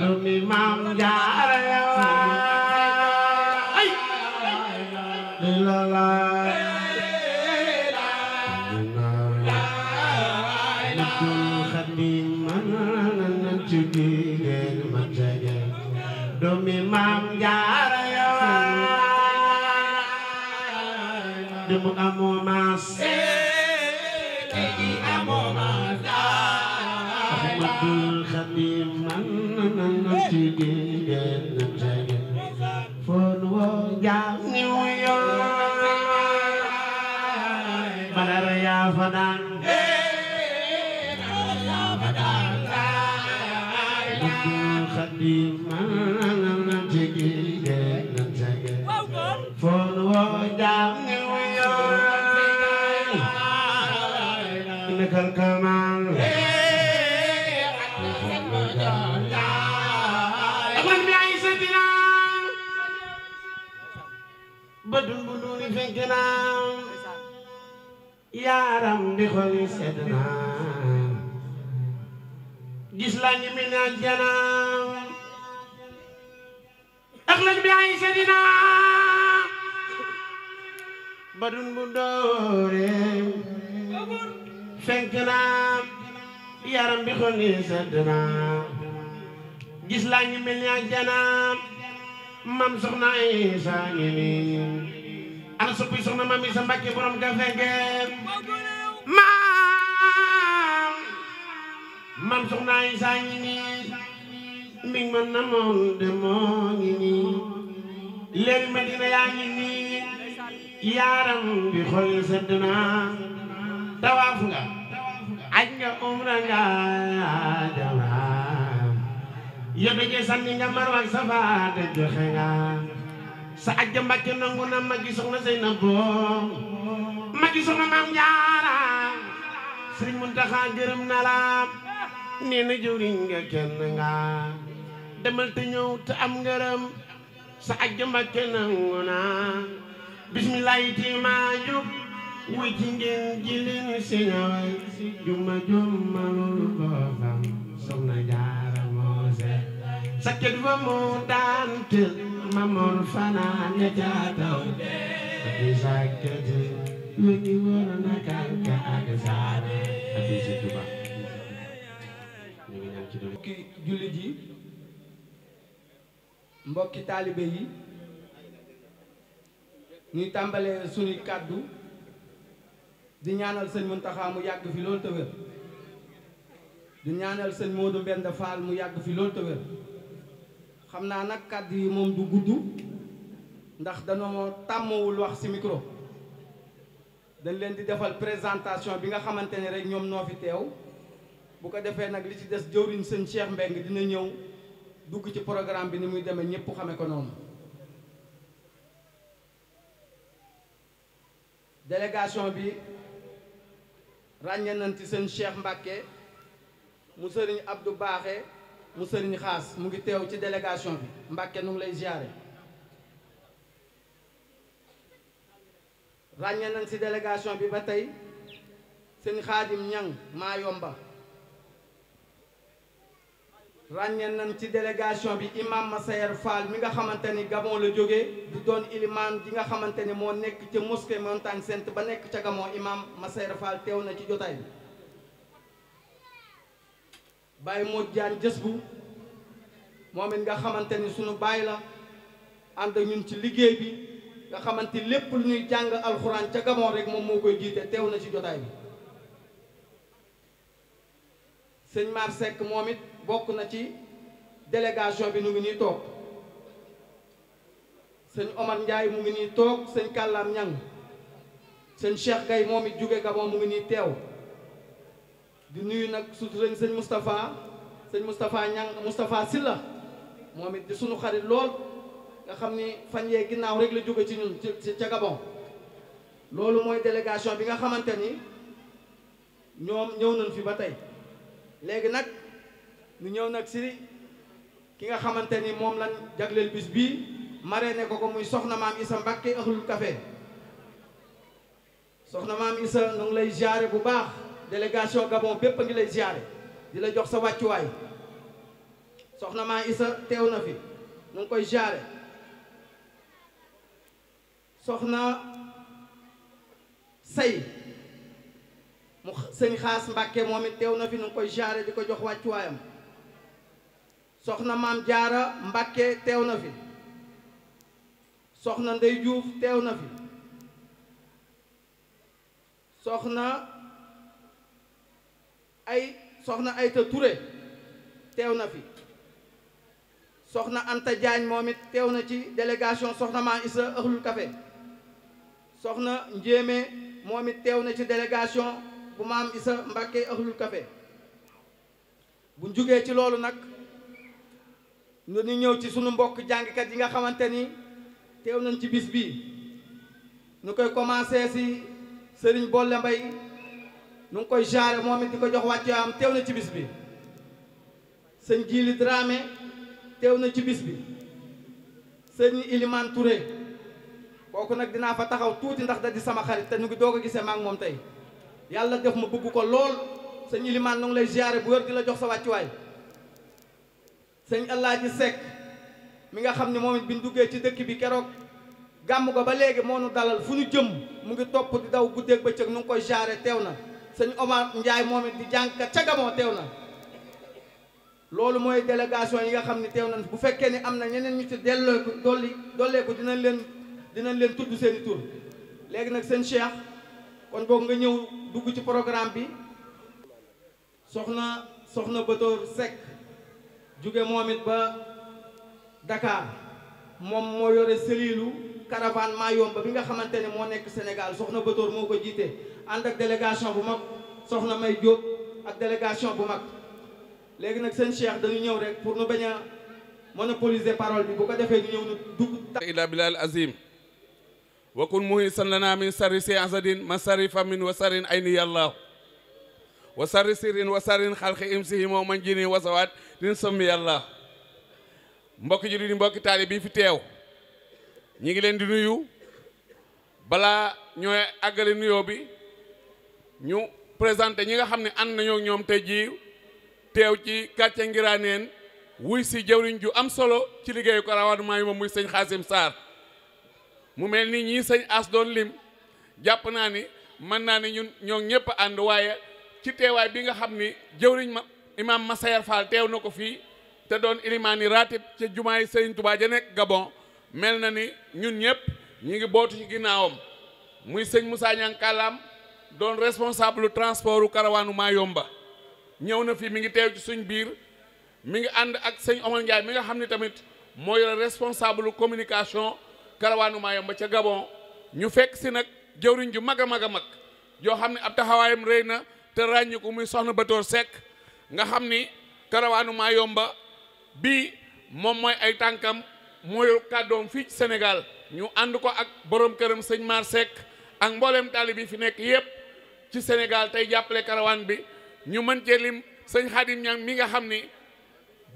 doomi maam jaara ya waay la la doomi maam jaara ya waay doomi amoon nar yaa fa daan xadim nan tege nan tege fon wo jam ni wiyo nakal kamal aman mi ay setina badun bununi fekena yaaram bi xol yi sedd na gis la ñu mi naan janam ak lañ bi ay sedina bu doore fenk na yaaram bi xol yi gis la ñu mi naan mam soxna Isa ngi soxna Mami sa Mbàkke borom gafengeen maam maam soxna ay saa ngi nii mi ngi mën na moom de moo ngi nii léegi ngi nii yaaram bi xol sedd na tawaaf nga aj nga umra nga jamaam yóbbe je sànni nga marwa ak safa te joxe nga sa ajja Mbàkke nangu na magi soxna Seynabou magi soxna maam Jaara Sëriñ Muntaxa gërëm na la nee na jëwriñ nga kenn nga demal te am ngërëm sa ajja Mbàkke nangu na bismillahi ti ma jóg wuy ci ngeen ji leen siñaway juma juma loolu boobam soxna Jaara moo sa kët fa daan tël mamoon fanaan mbokki jullit yi mbokki taalibe yi ñuy tàmbalee suñuy kàddu di ñaanal seen Muntaxa mu yàgg fi loolu te di ñaanal seen Modou Mbend Fall mu yàgg fi loolu te xam naa nag kàdd yi moom du gudd ndax danoo tàmmawul wax ci mikro dañ leen di defal présentation bi nga xamante ne rek ñoom noo fi teew bu ko defee nag li ci des jëwriñ seen Cheikh Mbeng dina ñëw dugg ci programme bi ni muy demee ñépp xame ko noonu délégation bi ràññe nañ ci sëñ Cheikh Mbàkke mu sëriñ Abdou Baaxe mu sëriñ xaas mu ngi teew ci délégation bi Mbàkke nu ngi lay ziare ràññee nañ si délégation bi ba tey seen xaadim ñaŋ maa yomba ràññee nañ ci délégation bi imam Massayer Fall mi nga xamante ni Gabon la jóge di doon ilimaan gi nga xamante ni moo nekk ca mosquée Montagne Sainte ba nekk ca Gabon imam Massayer Fall teew na ci jotaay bi bàyyi moo jaan jës bu moom nga xamante ni sunu bàyyi la ànd ak ñun ci liggéey bi nga xamante lépp lu ñuy jàng alxuraan ca gamoon rek moom moo koy jiite teew na ci jotaay bi sëñ Mar Seck moom it bokk na ci délégation bi nu ngi nii toog seen Omar Ndiaye mu ngi nii toog sëñ Kàllaam Ñang sëñ Cheikh Gay moom it jóge gamoon mu ngi nii teew di nuyu nag surtout rek sëñ Moustapha sëñ Moustapha Ñang Moustapha Silla moom it di sunu lool nga xam ni fan yee ginnaaw rek la jóge ci ñun ci ca Gabon loolu mooy délégation bi nga xamante ni ñoom ñëw nañ fi ba tey léegi nag ñu ñëw nag si ki nga xamante ni moom lañ jagleel bis bii marraine ko ko muy soxnamaam maam Issa Mbacke Ahlul Café soxna maam Issa ñu ngi lay jaare bu baax délégation Gabon bépp a ngi lay ziare di la jox sa wàccuwaay soxna maa Isa teew na fi nu ngi koy ziare soxna say mu sëñ xaas Mbàkke moom it teew na fi nu ngi koy ziare di ko jox wàccuwaayam soxna maam jaara Mbàkke teew na fi soxna Ndey Juuf teew na fi soxna ay soxna Ayta Touré teew na fi soxna Anta Diagne moom it teew na ci délégation soxna Maa Issa Ahlul Café soxna Njéemé moom teew na ci délégation bu maam Issa Mbacké Ahlul Café bu njugee ci loolu nag ñu ñëw ci sunu mbokk jàngkat yi nga xamante ni teew nañ ci bis bii ñu koy commencé si Serigne Bolle Mbaye nu ngi koy jaare moom it di ko jox wàcce am teew na ci bis bi sëñ Jili Dramé teew na ci bis bi sëñ Ilimane Touré kooku nag dinaa fa taxaw tuuti ndax da di sama xarit te ñu ngi ko a gisee maak moom tey yàlla def ma bëgg ko lool sëñ Ilimane nu ngi lay jaare bu wér di la jox sa wàccuwaay sëñ Alaaji Seck mi nga xam ne moom it duggee ci dëkk bi keroog gàmm ko ba léegi moo nu dalal fu ñu jëm mu ngi topp di daw guddeeg bëccëg nu ngi koy jaare teew na sëñ Omar Ndiaye moom it di jànka ca Gabon teew na loolu mooy délégation yi nga xam ne teew nañ bu fekkee ni am na ñeneen ñu ci delloo dolli dolleeku dinañ leen dinañ leen tudd seen i tur léegi nag seen Cheikh kon boog nga ñëw dugg ci programme bi soxna soxna Batoor Seck jóge moom it ba Dakar moom moo yore selilu caravane ba bi nga xamante ne moo nekk Sénégal soxna Bator moo ko jiite ànd ak délégation bu mag soxna May Diop ak délégation bu mag léegi nag seen cheikh dañu ñëw rek pour nu bañ a monopoliser parole bi bu ko defee ñu ñëw nu dugg ila bilal azim wa kun muhisan lana min sarri si asadin ma sarri famin wa sarrin ayni yallahu wa sarri sirrin wa sarrin xalqi imsihi moo man jini wasawaat din sommi yàlla mbokki jullit yi mbokki taali bi fi teew ñi ngi leen di nuyu balaa ñooy àggale nuyoo bi ñu présenté ñi nga xam ne ànd nañoo ñoom tey jii teew ci quartier ngiraaneen wuy si jëwriñ ju am solo ci liggéeyu Karawaan Mayumba muy sëñ Xaasim Sarr mu mel ni ñii sëñ As doon lim jàpp naa ni mën naa ni ñun ñoo ñëpp ànd waaye ci teewaay bi nga xam ni jëwriñ ma imaam Massayer Fall teew na ko fii te doon ilimaani ratib ca jumaay sëriñ Touba ja nekk Gabon mel na ni ñun ñëpp ñu ngi bootu ci ginnaawam muy sëñ Moussa Niang Kàllaam doon responsable transportu karawaanu yomba ñëw na fii mi ngi teew ci suñ biir mi ngi ànd ak sëñ Omar Ndiaye mi nga xam ne tamit moo yore responsable communication karawaanu Mayomba ca Gabon ñu fekk si nag jëwriñ ju mag a mag a mag yoo xam ne ab taxawaayam rey na te ràññi muy soxna Batoor Seck nga xam ni karawaanu yomba bii moom mooy ay tànkam mooy kàddoom fii ci Sénégal ñu ànd ko ak boroom këram sëñ Mar Seck ak mboolem taalib yi fi nekk yépp ci Sénégal tey jàppale karawaan bi ñu mën cee sëñ Xaadim Ñaŋ mi nga xam ni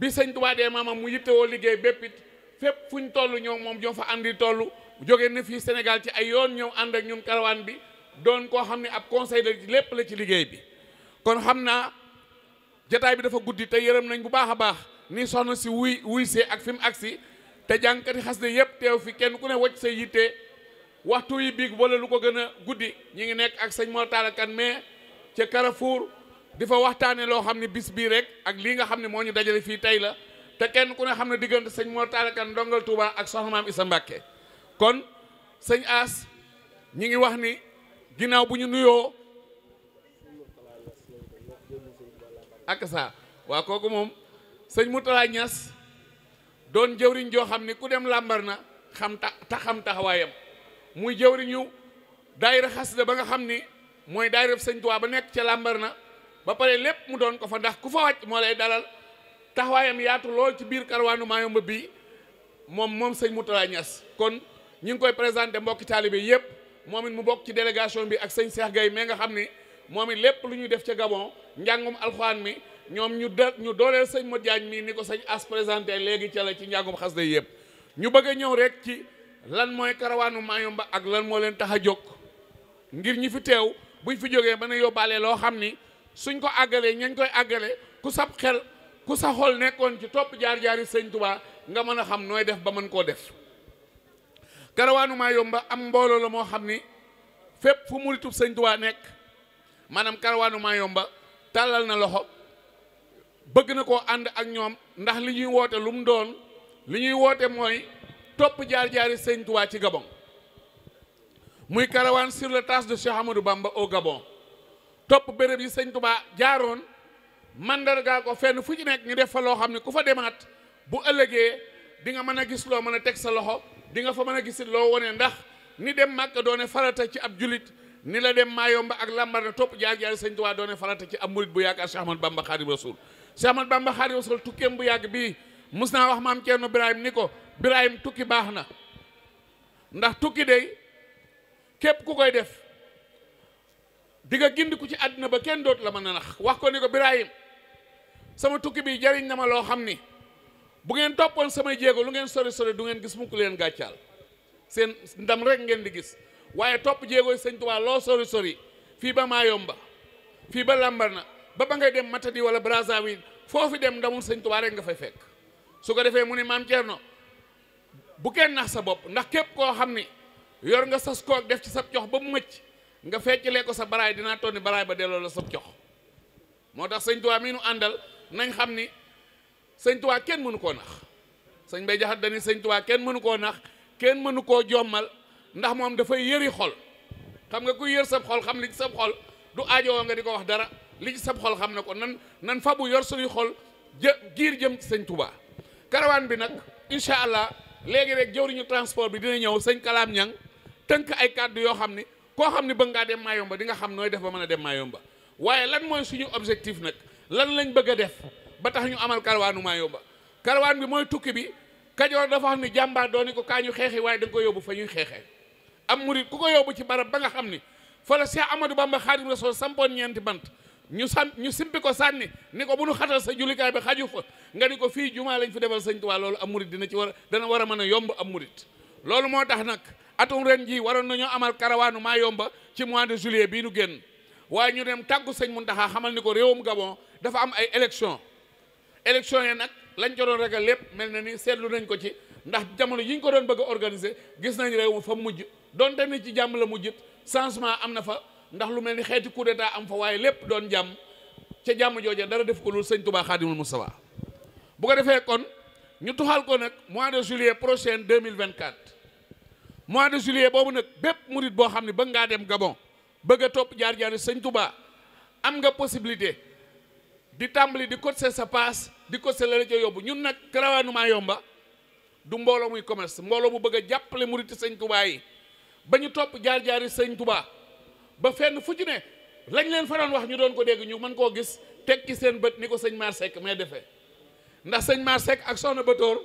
bi sëñ Tuubaa dee maamam mu yittewoo liggéey béppit fépp fu ñu toll ñoom moom ñoo fa àndi toll jóge na fii Sénégal ci ay yoon ñëw ànd ak ñun karawaan bi doon koo xam ne ab conseil la lépp la ci liggéey bi kon xam naa jataay bi dafa guddi te yërëm nañ bu baax a baax ni soxna si wuy wuy ak fi mu te jànkati xasida yëpp teew fi kenn ku ne wacc sa yitte waxtu yi biig wala lu ko gën a guddi ñi ngi nekk ak sëñ Mor Talla Kane mais ca Carrefour di fa waxtaane loo xam ne bis bii rek ak lii nga xam ne moo ñu dajale fii tey la te kenn ku ne xam ne diggante sëñ Mor Talla Kane ndongal Touba ak soxna maam Issa Mbàkke kon sëñ As ñi ngi wax ni ginnaaw bu ñu nuyoo ak waa kooku moom sëñ Moutala Niass doon jëwriñ joo xam ni ku dem làmbar na xam ta ta xam taxawaayam muy jëwriñu daayira xasida ba nga xam ni mooy daayira sëñ Tuubaa ba nekk ca làmbar na ba pare lépp mu doon ko fa ndax ku fa wàcc moo lay dalal taxawaayam yaatu lool ci biir karwaanu Mayumba bii moom moom sëñ Moutala Niass kon ñu ngi koy présenté mbokki taalibe yëpp moom it mu bokk ci délégation bi ak sëñ Cheikh gay mais nga xam ni moom it lépp lu ñuy def ca Gabon njàngum alxuraan mi ñoom ñu de ñu dooleel sëñ Modou Diagne mii ni ko sëñ as présenté léegi ca la ci njàngum xasida yëpp ñu bëgg a ñëw rek ci lan mooy karawaanu Mayumba ak lan moo leen tax a jóg ngir ñi fi teew buñ fi jógee mën a yóbbaale loo xam ni suñ ko àggalee ñañ koy àggale ku sab xel ku sa xol nekkoon ci topp jaar-jaari sëñ nga mën a xam nooy def ba mën koo def karawaanu Mayumba am mbooloo la moo xam ni fépp fu muritub sëñ Touba nekk maanaam karawaanu Mayumba tàllal na loxo bëgg na koo ànd ak ñoom ndax li ñuy woote lu mu doon li ñuy woote mooy topp jaar-jaari Sëñ Tuubaa ci Gabon muy caravane sur le traces de Cheikh Amadou Bamba au Gabon topp béréb yi Sëñ Tuubaa jaaroon mandargaa ko fenn fu ci nekk ñu def fa loo xam ne ku fa demaat bu ëllëgee di nga mën a gis loo mën a teg sa loxo di nga fa mën a gisit loo wone ndax ni dem Màkka doone farata ci ab julit ni la dem maa yomba ak lambar na topp jaar jaar sëñ Tuubaa doone farata ci am murit bu yàgg ak Cheikh Ahmad Bamba Xaadimu Rasuul Cheikh Ahmad Bamba Rasuul tukkeem bu yàgg bii mus naa wax maam Ceerno Birahim ni ko Birahim tukki baax na ndax tukki day képp ku koy def di nga gind ku ci àddina ba kenn dootu la ma a nax wax ko ni ko Birahim sama tukki bi jariñ na ma loo xam ni bu ngeen toppoon samay jéego lu ngeen sori sori du ngeen gis mukk leen gàccaal seen ndam rek ngeen di gis waaye topp jéegooy sëñtuwaa Tuubaa loo sori sori fii ba Maayomba fii ba Lambarna ba ba ngay dem Matadi wala Brazzaville foofu dem ndamul sëñ Tuubaa rek nga fay fekk su ko defee mu ni maam Thierno bu kenn nax sa bopp ndax képp koo xam ni yor nga sas koog def ci sab cox ba mu mëcc nga feccalee ko sa baraay dinaa tonni baraay ba delloo la sab cox moo tax sëñ Tuubaa àndal nañ xam ni sëñtuwaa kenn mënu koo nax sëñ Bay Jaxate dani sëñtuwaa kenn mënu koo nax kenn mënu koo jommal ndax moom dafay yëri xol xam nga ku yër sab xol xam li ci sab xol du aajowoo nga di ko wax dara li ci sab xol xam ne ko nan nan fa yor suñuy xol jë giir jëm ci sëñ Touba. karawaan bi nag incha allah léegi rek jëwriñu transport bi dina ñëw sëñ Kalaam Ñang tënk ay kàddu yoo xam ni koo xam ni bëgg ngaa dem Mayumba di nga xam nooy def ba mën a dem Mayumba waaye lan mooy suñu objectif nag lan lañ bëgg a def ba tax ñu amal karawaanu Mayumba karawaan bi mooy tukki bi Kajoor dafa xam ni jàmbaar dooni ko kaa ñu xeexi waaye da ko yóbbu fa ñuy xeexee am murit ku ko yóbbu ci barab ba nga xam ni fa la Cheikh Amadou Bamba Xaadimu Rasuul sampoon ñeenti bant ñu sam ñu simpi ko sànni ni ko bu nu xatal sa jullikaay bi xaju fa nga ni ko fii jumaa lañ fi defal sëñ Tuubaa loolu am murit dina ci war dana war a mën a yomb am murit loolu moo tax nag atum ren jii waroon nañoo amal karawaanu maa yomba ci mois de juillet bii nu génn waaye ñu dem tàggu mun Muntaxa xamal ni ko réewum Gabon dafa am ay élection élection nag lañ ko doon lépp mel na ni seetlu nañ ko ci ndax jamono yi ko doon bëgg a gis nañ réew ma fa mujj donte ni ci jàmm la mujjit changement am na fa ndax lu mel ni xeeti coup d'état am fa waaye lépp doon jàmm ca jàmm jooja dara def ko loolu sëñ Touba Xaadimul Mustafa bu ko defee kon ñu tuxal ko nag mois de juillet prochain 2024 mois de juillet boobu nag bépp murit boo xam ne bëgg ngaa dem Gabon bëgg topp jaar-jaari sëñ Touba am nga possibilité di tàmbali di cotiser sa paas di cotiser la la ca yóbbu ñun nag Caravane Mayumba du mbooloo muy commerce mbooloo mu bëgg a jàppale muriti sëñ Touba ba ñu topp jaar-jaari sëñ Touba ba fenn fu ci ne lañ leen fa wax ñu doon ko dégg ñu mën koo gis teg ci seen bët ni ko sëñ Maar Seck may defe ndax sëñ Maar Seck ak soxna Batoor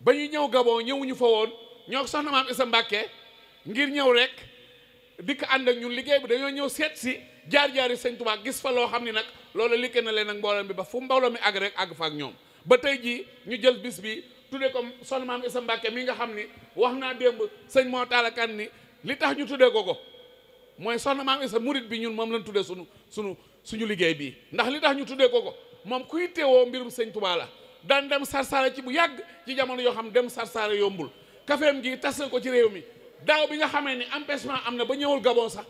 ba ñu ñëw Gabon ñëwuñu fa woon ñoo ak soxna maam Isa Mbàkke ngir ñëw rek dikk ànd ak ñun liggéey bi dañoo ñëw seet si jaar-jaari sëñ Touba gis fa loo xam ni nag loolu liggéey na leen ak mbooloo bi ba fu mbooloo mi àgg rek àgg fa ak ñoom ba tey jii ñu jël bis bi tudde ko son maam sa Mbàkke mi nga xam ni wax naa démb sëñ moo taalakan ni li tax ñu tuddee ko ko mooy son maam Issa murit bi ñun moom lañ tuddee sunu sunu suñu liggéey bii ndax li tax ñu tuddee ko ko moom kuy teewoo mbirum sëñ Tuubaa la daan dem sarsaara ci bu yàgg ci jamono yoo xam dem sarsaara yombul kafeem gi tas na ko ci réew mi daaw bi nga xamee ni empêchement am na ba ñëwul Gabon sax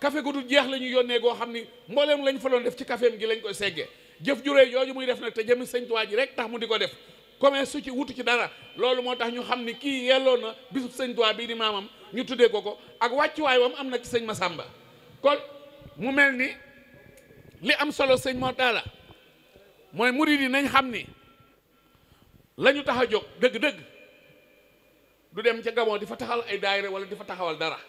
café gu du jeex la ñu yónnee goo xam ni mboolem lañ fa doon def ci kafeem gi lañ koy seggee jëf juree yooyu muy def nag te jëmi sëñ ji rek tax mu di ko def commerce su ci wutu ci dara loolu moo tax ñu xam ni kii yelloo na bisub sëñ Tuubaa bii di maamam ñu tuddee ko ko ak wàccuwaay wam am na ci sëñ Masamba kon mu mel ni li am solo sëñ moo taala mooy murid yi nañ xam ni la ñu tax a jóg dëgg-dëgg du dem ca Gabon di fa taxal ay daayira wala di fa taxawal dara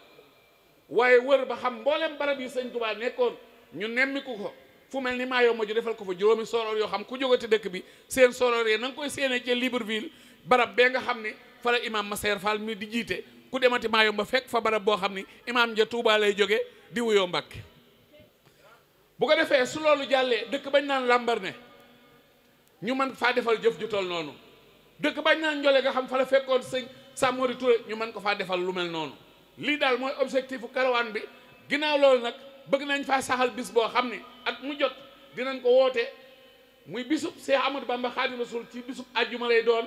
waaye wër ba xam booleen barab yi sëñ Tuubaa nekkoon ñu nemmiku ko fu mel ni maayoo ma ju defal ko fa juróomi sooroor yoo xam ku jógati dëkk bi seen sooroor yee na nga koy séenee ca Libreville barab bee nga xam ne fa la imaam Massaer Fall mi di jiite ku demati maayoo ma fekk fa barab boo xam ni imaam ja Touba lay jóge di wuyoo Mbàkke bu ko defee su loolu jàllee dëkk bañ naan làmbar ñu mën faa defal jëf ju toll noonu dëkk bañ naan njole nga xam fa la fekkoon sëñ Samori Touré ñu mën ko faa defal lu mel noonu lii daal mooy objectif u karawaan bi ginnaaw loolu nag bëgg nañ faa saxal bis boo xam ne at mu jot dinañ ko woote muy bisub Seex Ahmadu Bamba Xaadimu Rasuul ci bisub àjjuma lay doon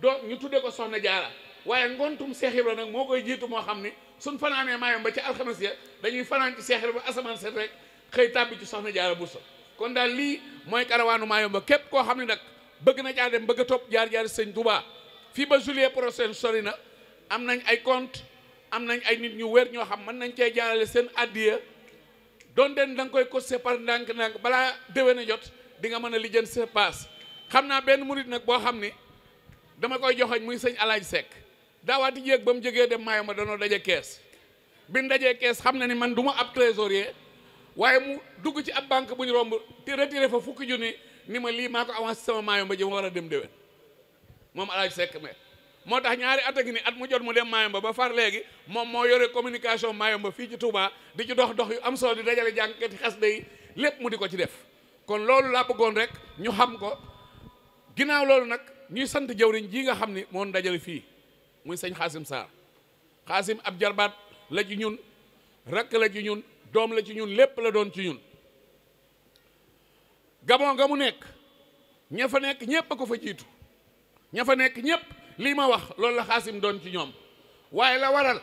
doo ñu tuddee ko Soxna Jaara waaye ngontum Seex Ibra nag moo koy jiitu moo xam ni suñ fanaanee maayam ba ci alxames ya dañuy fanaan ci Seex Ibra ba asamaan set rek xëy tàbbi ci Soxna Jaara Buso kon daal lii mooy karawaanu maayam ba képp koo xam ne nag bëgg na caa dem bëgg a topp jaar-jaar sëñ Touba fii ba juillet prochain sori na am nañ ay compte am nañ ay nit ñu wér ñoo xam mën nañ cee jaarale seen addiya doon den da nga koy ko sépar ndànk-ndànk balaa déwén a jot dinga mën a lijjan sa paas xam naa benn murit nag boo xam ni dama koy joxoñ muy sëñ alaaj sekk daawaati jéeg ba mu jógee dem maayo ma danoo daje kees bi mu dajee kees xam na ni man du ma ab trésorier waaye mu dugg ci ab banque bu ñu romb te retiré fa fukki junni ni ma lii maa ko avancé sama maayo ma jëm war a dem déwén moom alaaj sekk mais moo tax ñaari ata a ngi ni at mu jot mu dem Mayumba ba ba far léegi moom moo yore communication Mayumba fii ci Touba di ci dox dox yu am solo di dajale jàngkati xasida yi lépp mu di ko ci def kon loolu laa bëggoon rek ñu xam ko ginnaaw loolu nag ñuy sant jëwriñ ji nga xam ni moon dajale fii muy sëñ Xaasim Sarr Xaasim ab jarbaat la ci ñun rakk la ci ñun doom la ci ñun lépp la doon ci ñun gabon nga mu nekk ña fa nekk ñépp a ko fa jiitu ña fa nekk ñépp lii ma wax loolu la xaasim doon ci ñoom waaye la waral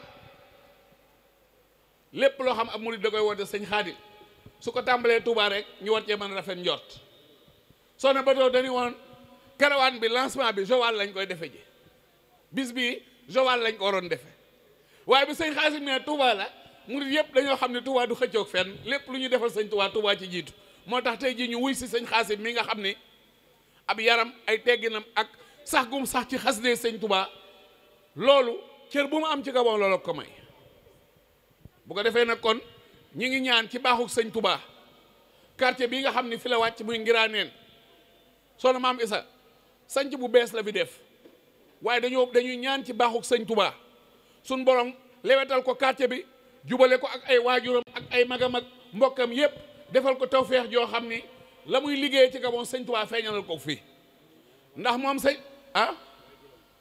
lépp loo xam ab murid da koy woote sañ xaadim su ko tàmbalee Touba rek ñu war cee mën a rafet njort soo ne ba too dañu woon karawaan bi lancement bi Joal lañ koy defe ji bis bi Joal lañ ko waroon defe waaye bi sëñ xaasim ne Touba la murid yëpp dañoo xam ne Touba du xëccoog fenn lépp lu ñuy defal sëñ Touba Touba ci jiitu moo tax tey jii ñu wuy si sëñ xaasim mii nga xam ni ab yaram ay tegginam ak sax gum sax ci xas dee sëñ tubaa loolu cër bu mu am ci gabon loolu ko may bu ko defee nag kon ñi ngi ñaan ci baaxuk sëñ tubaa quartier bii nga xam ni fi la wàcc muy ngiraaneen soxna maam isa sanc bu bees la fi def waaye dañoo dañuy ñaan ci baaxuk sëñ tubaa suñ borom lewetal ko quartier bi jubale ko ak ay waajuram ak ay magam mag mbokkam yépp defal ko tawféex joo xam ni la muy liggéey ci gabon sëñ tubaa feeñalal ko fii ndax moom sëñ ah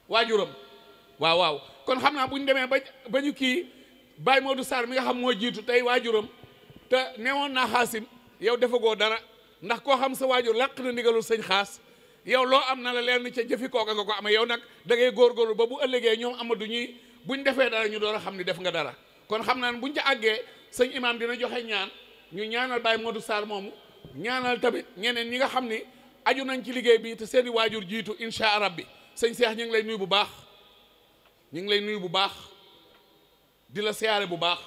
waajuram waaw waaw kon xam naa bu demee ba ba ñu kii moo du Sarr mi nga xam moo jiitu tey waajuram te newoon naa xaasim yow defagoo dara ndax koo xam sa waajur làq na ndigalul sëñ xaas yow loo am na la leen ca jëfi kooka nga ko amee yow nag da ngay góorgóorlu ba bu ëllëgee ñoom Amadou ñuy buñ defee dara ñu doon a xam ni def nga dara kon xam naa ne buñ ca àggee sëñ imaam dina joxe ñaan ñu ñaanal Baye Modou Sarr moomu ñaanal tamit ñeneen nga xam ni aju nañ ci liggéey bi te seeni waajur jiitu insha bi sëñ seex ñu ngi lay nuyu bu baax ñu ngi lay nuyu bu baax di la siyaare bu baax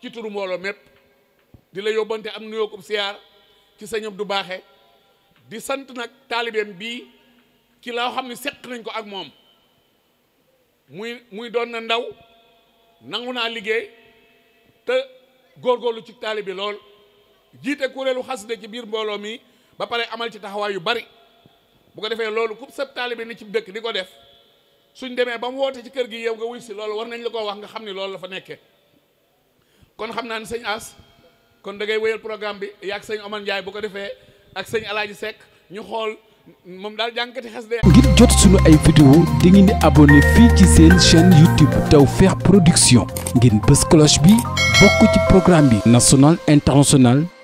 ci turu mbooloo mépp di la yóbbante am nuyoo ko siyaar ci sëñ du Baaxe di sant nag taalibeem bii ci loo xam ne seq nañ ko ak moom muy muy doon na ndaw nangu naa liggéey te góor góorlu ci bi lool jiite kuréelu xasida ci biir mbooloo mi ba pare amal ci taxawaay yu bari bu ko defee loolu ku sëb taalibe ni ci dëkk di ko def suñ demee ba mu wootee ci kër gi yow nga wuy si loolu war nañ la koo wax nga xam ni loolu la fa nekkee kon xam naa ne sëñ As kon da ngay wéyal programme bi ak sëñ Omar Ndiaye bu ko defee ak sëñ Alaaji Seck ñu xool moom daal jànkati xes de ngir jot suñu ay vidéo di ngeen di abonné fii ci seen chaîne YouTube Tawfekh Production ngeen bës cloche bi bokk ci programme bi national international